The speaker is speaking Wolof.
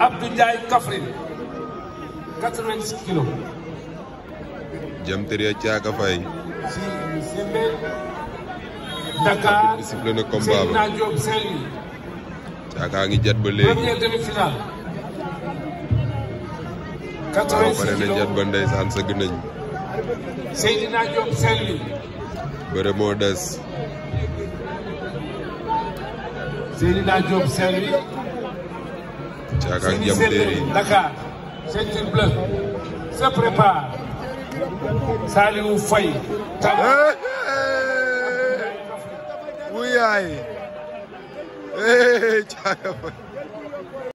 Abdou Ndiaye Kaffrine 90 kilos. si Sémbe. Dakar disciple na combat ba Seydina Diop Saint-Louis. Thiaka ngi jat ba léegi. première demi-finale. 86 kilos waaw jat ba ndeysaan sëgg nañ. Seydina Diop moo des. Seydina Diop Saint-Louis. Dakar, c'est une blague. Se prépare. Saliou Faye. Ouyaye. Hey, Thiaga Faye.